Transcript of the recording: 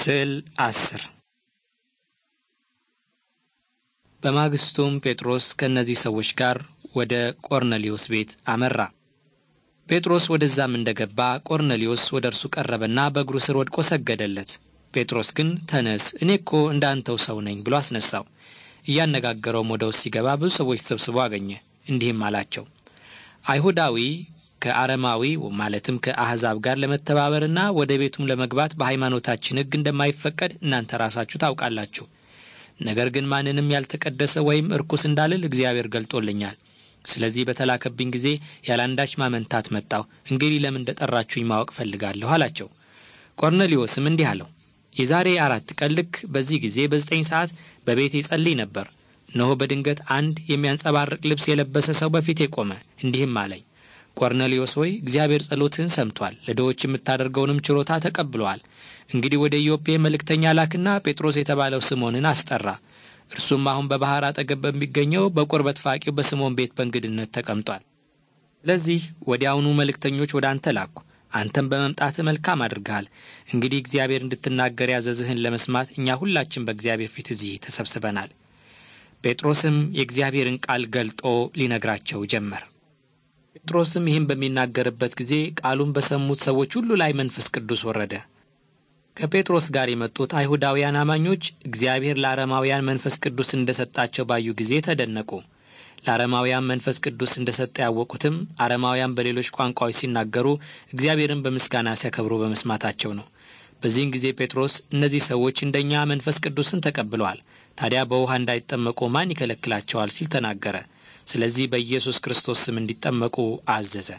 ስዕል አስር በማግስቱም ጴጥሮስ ከእነዚህ ሰዎች ጋር ወደ ቆርኔሌዎስ ቤት አመራ። ጴጥሮስ ወደዛም እንደገባ ቆርኔሌዎስ ወደ እርሱ ቀረበና በእግሩ ስር ወድቆ ሰገደለት። ጴጥሮስ ግን ተነስ፣ እኔ እኮ እንዳንተው ሰው ነኝ ብሎ አስነሳው። እያነጋገረውም ወደ ውስጥ ሲገባ ብዙ ሰዎች ተሰብስበው አገኘ። እንዲህም አላቸው አይሁዳዊ ከአረማዊ ማለትም ከአህዛብ ጋር ለመተባበርና ወደ ቤቱም ለመግባት በሃይማኖታችን ሕግ እንደማይፈቀድ እናንተ ራሳችሁ ታውቃላችሁ። ነገር ግን ማንንም ያልተቀደሰ ወይም እርኩስ እንዳልል እግዚአብሔር ገልጦልኛል። ስለዚህ በተላከብኝ ጊዜ ያለአንዳች ማመንታት መጣሁ። እንግዲህ ለምን እንደጠራችሁኝ ማወቅ ፈልጋለሁ አላቸው። ቆርኔሊዮስም እንዲህ አለው፣ የዛሬ አራት ቀን ልክ በዚህ ጊዜ በዘጠኝ ሰዓት በቤት ይጸልይ ነበር። እነሆ በድንገት አንድ የሚያንጸባርቅ ልብስ የለበሰ ሰው በፊቴ ቆመ። እንዲህም አለኝ ቆርኔሌዎስ ሆይ እግዚአብሔር ጸሎትህን ሰምቷል፣ ለድሆች የምታደርገውንም ችሮታ ተቀብሏል። እንግዲህ ወደ ኢዮጴ መልእክተኛ ላክና ጴጥሮስ የተባለው ስምዖንን አስጠራ። እርሱም አሁን በባሕር አጠገብ በሚገኘው በቁርበት ፋቂው በስምዖን ቤት በእንግድነት ተቀምጧል። ስለዚህ ወዲያውኑ መልእክተኞች ወደ አንተ ላኩ። አንተም በመምጣትህ መልካም አድርገሃል። እንግዲህ እግዚአብሔር እንድትናገር ያዘዝህን ለመስማት እኛ ሁላችን በእግዚአብሔር ፊት እዚህ ተሰብስበናል። ጴጥሮስም የእግዚአብሔርን ቃል ገልጦ ሊነግራቸው ጀመር። ጴጥሮስም ይህን በሚናገርበት ጊዜ ቃሉን በሰሙት ሰዎች ሁሉ ላይ መንፈስ ቅዱስ ወረደ። ከጴጥሮስ ጋር የመጡት አይሁዳውያን አማኞች እግዚአብሔር ለአረማውያን መንፈስ ቅዱስ እንደሰጣቸው ባዩ ጊዜ ተደነቁ። ለአረማውያን መንፈስ ቅዱስ እንደሰጠ ያወቁትም አረማውያን በሌሎች ቋንቋዎች ሲናገሩ እግዚአብሔርን በምስጋና ሲያከብሩ በመስማታቸው ነው። በዚህን ጊዜ ጴጥሮስ እነዚህ ሰዎች እንደኛ መንፈስ ቅዱስን ተቀብለዋል፣ ታዲያ በውሃ እንዳይጠመቁ ማን ይከለክላቸዋል? ሲል ተናገረ። ስለዚህ በኢየሱስ ክርስቶስ ስም እንዲጠመቁ አዘዘ።